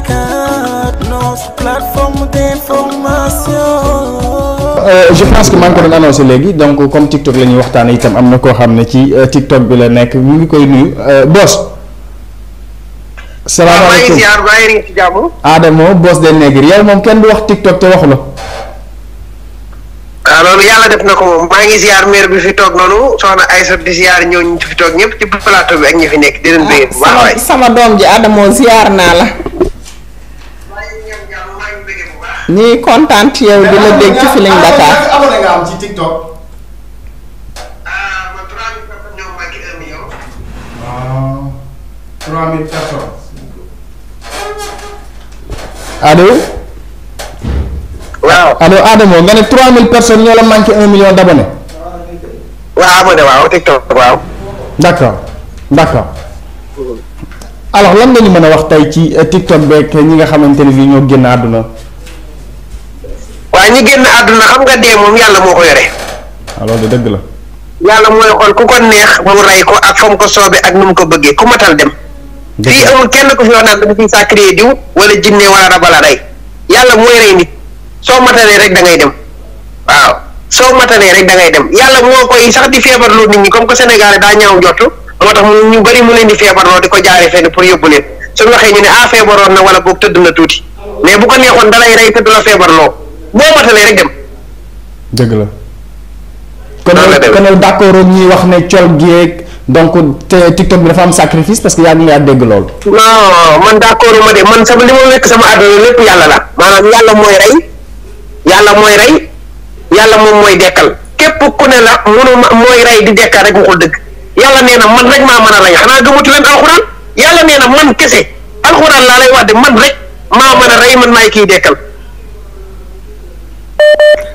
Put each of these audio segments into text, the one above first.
Dakar, notre plateforme d'information. Euh, je que maa ngi ko doon annoncé léegi donc comme TikTok la ñuy itam am na koo xam ne ci euh, TikTok bi la nekk mu ngi koy nuyu euh, boss. salaamaaleykum waaw ah, maa ngi ci jàmm. Adamo boss de Negri yow moom kenn du wax TikTok te waxu waaw ah, loolu yàlla def na ko moom maa ngi ziar maire bi fi toog noonu soxna Aïssat di ziar ñooñu ci fi toog ñëpp ci plateau bi ak ñi fi nekk di leen ah, bëggee. waaw sama doom ji Adamo ziar naa la. ñuy kontaan ci yow di la dégg ci Feeling Dakar abonné nga am ci TikTok. ah man 3000 ñoom ak 1 million. Ah, waaw 3000 personnes. allo. waaw allo Adamo waaw abonné waaw waaw. d'accord d'accord. alors lan nga ñu mën a wax tey ci euh, TikTok beeg ñi nga xamante ne bii ñoo génn àdduna. waaye ñi génn àdduna xam nga dee moom yàlla moo ko yore. alors ah, de dëgg la. yàlla mooy xool ko neex mu rey ko ak fa ko soobee ak nu mu ko bëggee ku matal dem. fii amul kenn ku fi wax naan dama fi sacré diw wala jinne wala rabala rey yàlla mooy nit soo matalee rek da ngay dem waaw soo matalee rek da ngay dem yàlla moo koy sax di feebarloo nit ñi comme que Sénégal daa ñaaw njottu moo tax ñu bari mu leen di feebarloo di ko jaare fenn pour yóbbu leen suñu waxee ñu ne ah feebaroon na wala boog tëdd na tuuti mais bu ko neexoon dalay rey te du la feebarloo boo matalee rek dem. dëgg la. kon kon d' accord ñuy wax ne col gi donc te dafa am sacrifice parce que yaa ngi lay loolu. non man d' accord ma de man sama li ma nekk sama àdduna lépp yàlla la maanaam yàlla mooy rey yàlla mooy rey yàlla moom mooy dekkal képp ku ne la mënu mooy rey di dekkal rek waxul dëgg. yàlla nee na man rek maa mën a rey xanaa gëmatu leen alxuraan yàlla nee na man kese alxuraan laa lay wadde man rek maa mën a rey man maay kii dekkal.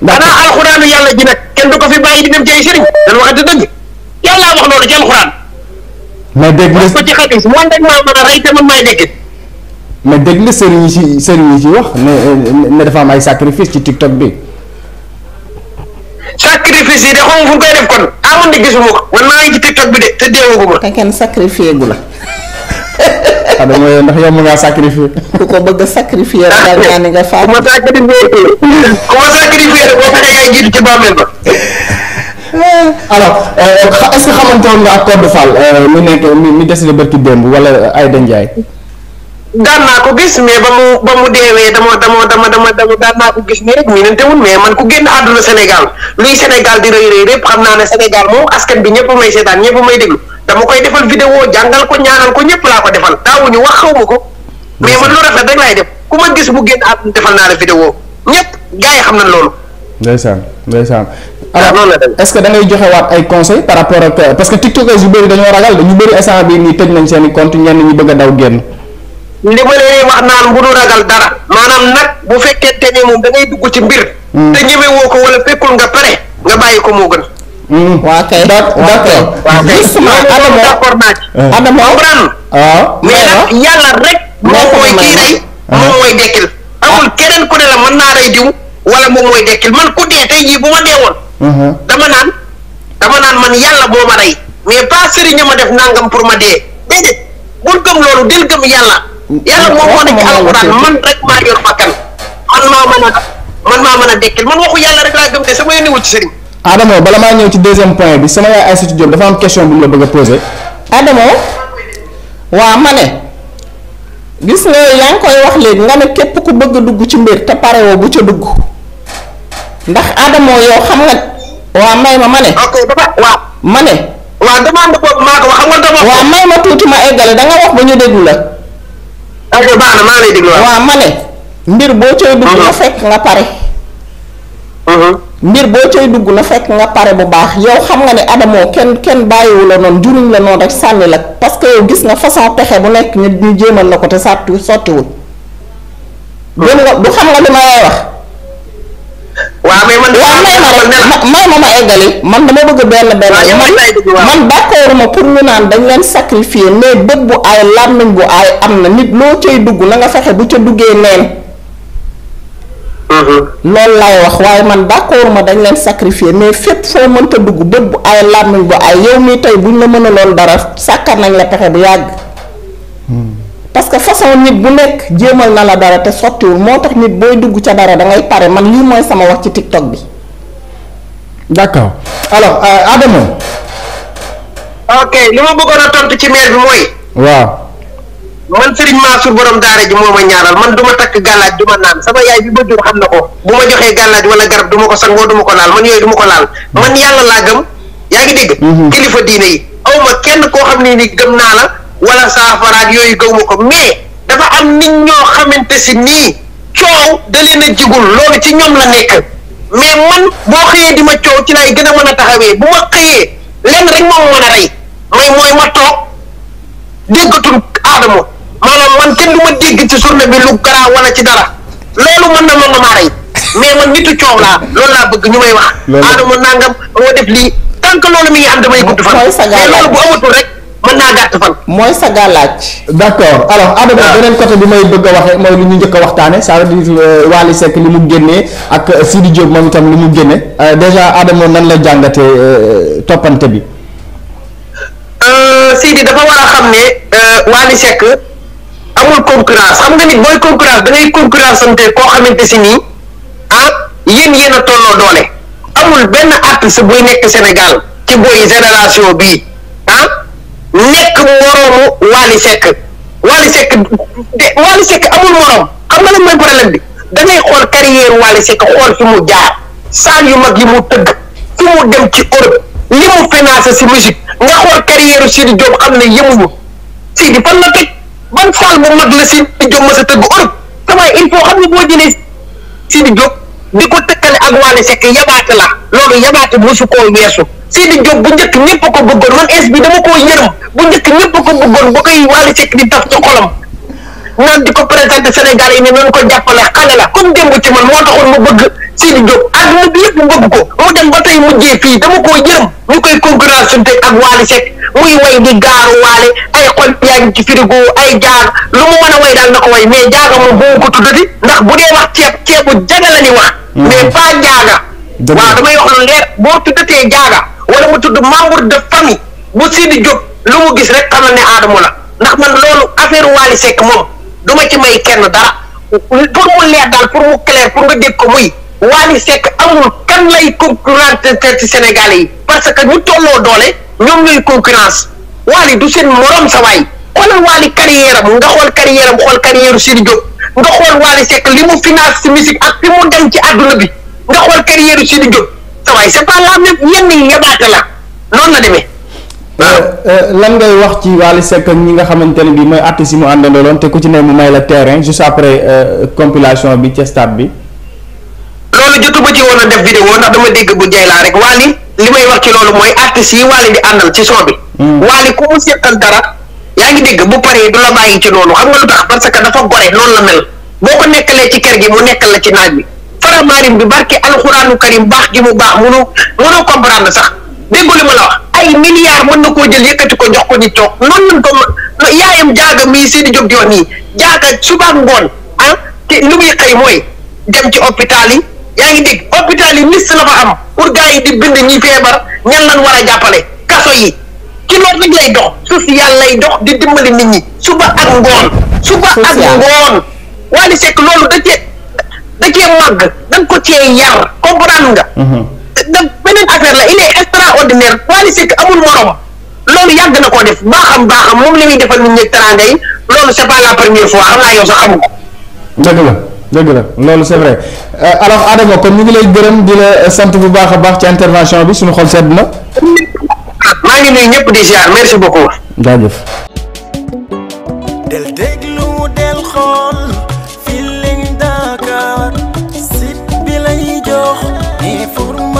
xanaa alxuraanu yàlla ji nag kenn du ko fi bàyyi di dem ci ay sëriñ dañ waxante dëgg yàlla wax loolu ci alxuraan. rek maa mën a rey te man maay dekkil. ma dégg nga sëriñ yi si sëriñ yi si wax ne ne dafa am ay sacrifice ci TikTok bi. sacrifice yi de xaw ma fu koy def kon amoon na gisuma ko man maa ngi ci tiktok bi de te deewaguma. te kenn sacrifié gu la. ah dama yooyu ndax yomb ngaa sacrifié. ku ko bëgg a sacrifié daal naa ne nga faatu. ku ma ah. euh, est-ce que xamante woon nga ak Codé Fall euh, mi nekk mi des na barki démb wala Aïda Ndiaye. daan naa ko gis mais ba mu ba mu deewee dama dama dama dama dama daan naa ko gis nii rek ñu ne teewul mais man ku génn àdduna Sénégal luy Sénégal di rëy rëy lépp xam naa ne Sénégal moom askan bi ñëpp may seetaan ñëpp may déglu dama koy defal vidéo jàngal ko ñaanal ko ñëpp laa ko defal daawuñu wax xaw ma ko. mais man lu rafet rek laay def ku ma gis mu génn àdduna defal naa la vidéo ñëpp gars yi xam nañ loolu. ndeysaan ndeysaan. alors est-ce que da ngay joxe waat ay conseils par rapport ak parce que tiktokers yu bëri dañoo ragal ñu bëri instant bi nii tëj nañ seen i compte ñenn ñi bëgg a daw génn li ma leen wax naan bu nu ragal dara maanaam nag bu fekkente ni moom da ngay dugg ci mbir. Hmm. te ñeme woo ko wala fekkul nga pare nga bàyyi ko moo gën. Hmm. waa kay d'accord justement Adamo d'accord naa ci. Euh. Adamo waaw ah. mais nag yàlla rek. moom mooy kii rey. Ah. moom mooy dekkil ah. amul keneen ku ne la mën naa rey diw wala moom mooy dekkil man ku dee tey jii bu ma dee woon. Mm-hmm. dama naan dama naan man yàlla moo ma rey mais pas sëriñ ma def nangam pour ma dee déedéet bul gëm loolu dil gëm yàlla. yàlla moom moo nekk alxuraan man rek maa a man maa mën a dekkil man waxu yàlla rek laa gëm te sama yónni ci sëriñ. Adamo bala maa ñëw ci deuxième point bi sama yaay Aïssatou Diop dafa am question bu mu la bëgg a posé. Adamo waa ma ne gis nga yaa ngi koy wax léegi nga ne képp ku bëgg a dugg ci mbir te pare bu ca dugg ndax Adamo yow xam nga waa may ma ma ne. ok dafa ma ne. waaw demande boobu xam nga dama. waaw may ma tuuti ma eggale da nga wax ba ñu déglu la. ok ma ne. mbir boo cay dugg na uh-huh. fekk nga pare. Uh-huh. mbir boo cay dugg na fekk nga pare bu baax yow xam nga ne Adamo kenn kenn bàyyiwu la noonu juruñ la noonu rek sànni la parce que yow gis nga façon texe bu nekk ñu ñu jéemal la ko te sàttu sottiwul. Uh-huh. du xam nga li ma lay wax. waaw mais man may ma ma eggali man dama bëgg benn benn man d'accord ma pour ñu naan dañ leen sacrifier mais bët bu aay làmmiñ bu aay am na nit loo cay dugg na fexe bu ca duggee neen mm-hmm. loolu lay wax waaye man d'accord ma dañ leen sacrifier mais fépp foo mënta dugg bët bu aay làmmiñ bu aay yow mii tey buñ la mën a loon dara sàkkar nañ la pexe bu yàgg hmm. parce que façon nit bu nekk jéemal na la dara te sottiwul moo tax nit booy dugg ca dara da ngay pare man lii mooy sama wax ci TikTok bi. d'accord alors euh, ok li ma bëggoon a tontu ci maire bi mooy. waaw. man Serigne Mansour borom daara ji moo ma ñaanal man du takk gàllaaj du ma naan sama yaay bi ma jur xam na ko bu ma joxee gàllaaj wala garab du ma ko sangoo du ma ko laal man yooyu du ko laal man yàlla laa gëm yaa ngi dégg. Mhm. kilifa diine yi aw ma kenn koo xam ne ni gëm naa la. wala saafaraat yooyu gaw ma ko mais dafa am nit ñoo xamante si nii coow da leen a jigul loolu ci ñoom la nekk mais man boo xëyee di ma coow ci laay gën a mën a taxawee bu ma xëyee lenn rek moom mën a rey may mooy ma toog déggatul aadama maanaam man kenn du ma dégg ci journée bi lu garaaw wala ci dara loolu mën na mën na maa rey mais man nitu coow laa loolu laa bëgg ñu may wax aadama nangam moo def lii tant que loolu mi ngi am damay gudd fan mais loolu bu amatul rek mën naa gàtt fan. mooy sa gàllaaj. d' accord alors Adama ah. beneen côté bi may bëgg a waxee mooy lu ñu njëkk waxtaane ça veut dire euh, Wally Seck li mu génnee ak Sidi Diop moom itam li mu génne euh, dèjà Adama nan la jàngate euh, toppante bi. Sidi dafa war a xam ne Wally Seck amul concurrence xam nga nit booy concurrence da ngay concurrence ante koo xamante si nii ah yéen yéen a tolloo doole amul benn artiste buy nekk Sénégal ci booy génération bi ah. nekk moroomu Wally Seck Wally Seck de eh, Wally Seck amul moroom xam nga la mooy problème bi da ngay xool carrière Wally Seck xool fi mu jaar saal yu mag yi mu tëgg fi mu ci Europe li mu financé si musique nga xool carrière Sidi Diop xam ne yemuñu Sidi fan la teg ban saal bu mag la Sidi Diop ma sa tëgg Europe tamit il faut xam ne boo jëlee Sidi Diop di ko tëkkale ak Wally Seck yabaate la loolu yabaate mosu koo weesu. Sidi Diop bu njëkk ñëpp ko bëggoon man es bi dama koo yërëm bu njëkk ñëpp ko bëggoon ba koy Wally Seck di taf ci xolam naan di ko présenté Sénégal yi ne noonu ko jàppale xale la comme démb ci man moo taxoon ko mu dem ba tey mujjee fii dama koo yërëm ñu koy concurrence sunte ak Wally Seck muy way di gaaru waale ay xol yaa ngi ci frigo ay jaar lu mu mën a way daal na ko way mais jaaga moom boo ko tuddati ndax bu dee wax ceeb ceebu jaga la ni wax hmm. mais pas jaaga waaw damay wax lu leer boo tuddatee jaaga wala mu tudd membre de famille bu Sidi Diop lu mu gis rek xamal ne Adamo la ndax man loolu affaire Wally Seck moom du ci may kenn dara pour mu leer daal pour mu clair pour nga dégg ko muy Wally sekk amul kan lay concurrence ci Sénégalais yi parce que ñu tolloo doole ñoom ñooy concurrence Wally du seen morom sa waay xoolal Wally carrière am nga xool carrière am xool carrière seeni Diop nga xool Wally Seck li mu finance ci musique ak fi mu dem ci àdduna bi nga xool carrière Sidi Diop waay c'est pas la même yenn yi yabaate la noonu la demee. Euh, ah. euh, lan ngay wax ci Wally Seck ak ñi nga xamante ne bii mooy artistes yi mu àndandaloon te ku ci ne mu may la terrain juste après euh, compilation bi ci stade bi. loolu jotu ba ci woon a def vidéo ndax dama dégg bu jay laa rek Wally li may wax ci loolu mooy artistes yi Wally di àndal ci son bi. Hmm. Wally ku mu setal dara. yaa ngi dégg bu paree du la bàyyi ci noonu xam nga lu tax parce que dafa gore noonu la mel boo ko nekkalee gi mu nekkal la ci naaj bi. Isa Marine bi barke alxuraanu karim baax gi mu baax mënoo mënoo comprendre sax déggu li ma la wax ay milliards mën na koo jël yëkkati ko jox ko nit toog ko yaayam jaaga mii seeni jóg di wax nii jaaga suba ngoon ah te lu muy xëy mooy dem ci hôpital yi yaa ngi dégg hôpital yi liste la fa am pour gars yi di bind ñi feebar ñan lan war a jàppale kaso yi ci loolu lañ lay dox social lay dox di dimbali nit ñi suba ak ngoon suba ak ngoon da cee da cee màgg da nga ko cee yar comprendre nga. da mhm. beneen affaire la il est extraordinaire Wally Seck amul morom loolu yàgg na koo def baaxam baaxam moom la ñuy defal nit ñi teraanga yi loolu c'est pas la première fois xam naa yow sax xamu dëgg la dëgg la loolu c'est vrai euh, alors Adama kon ñu ngi lay gërëm di la sant bu baax a baax ci intervention bi suñu xol sedd na. maa ngi nuyu ñëpp di ziar merci beaucoup. jaajëf. del déglu del xool.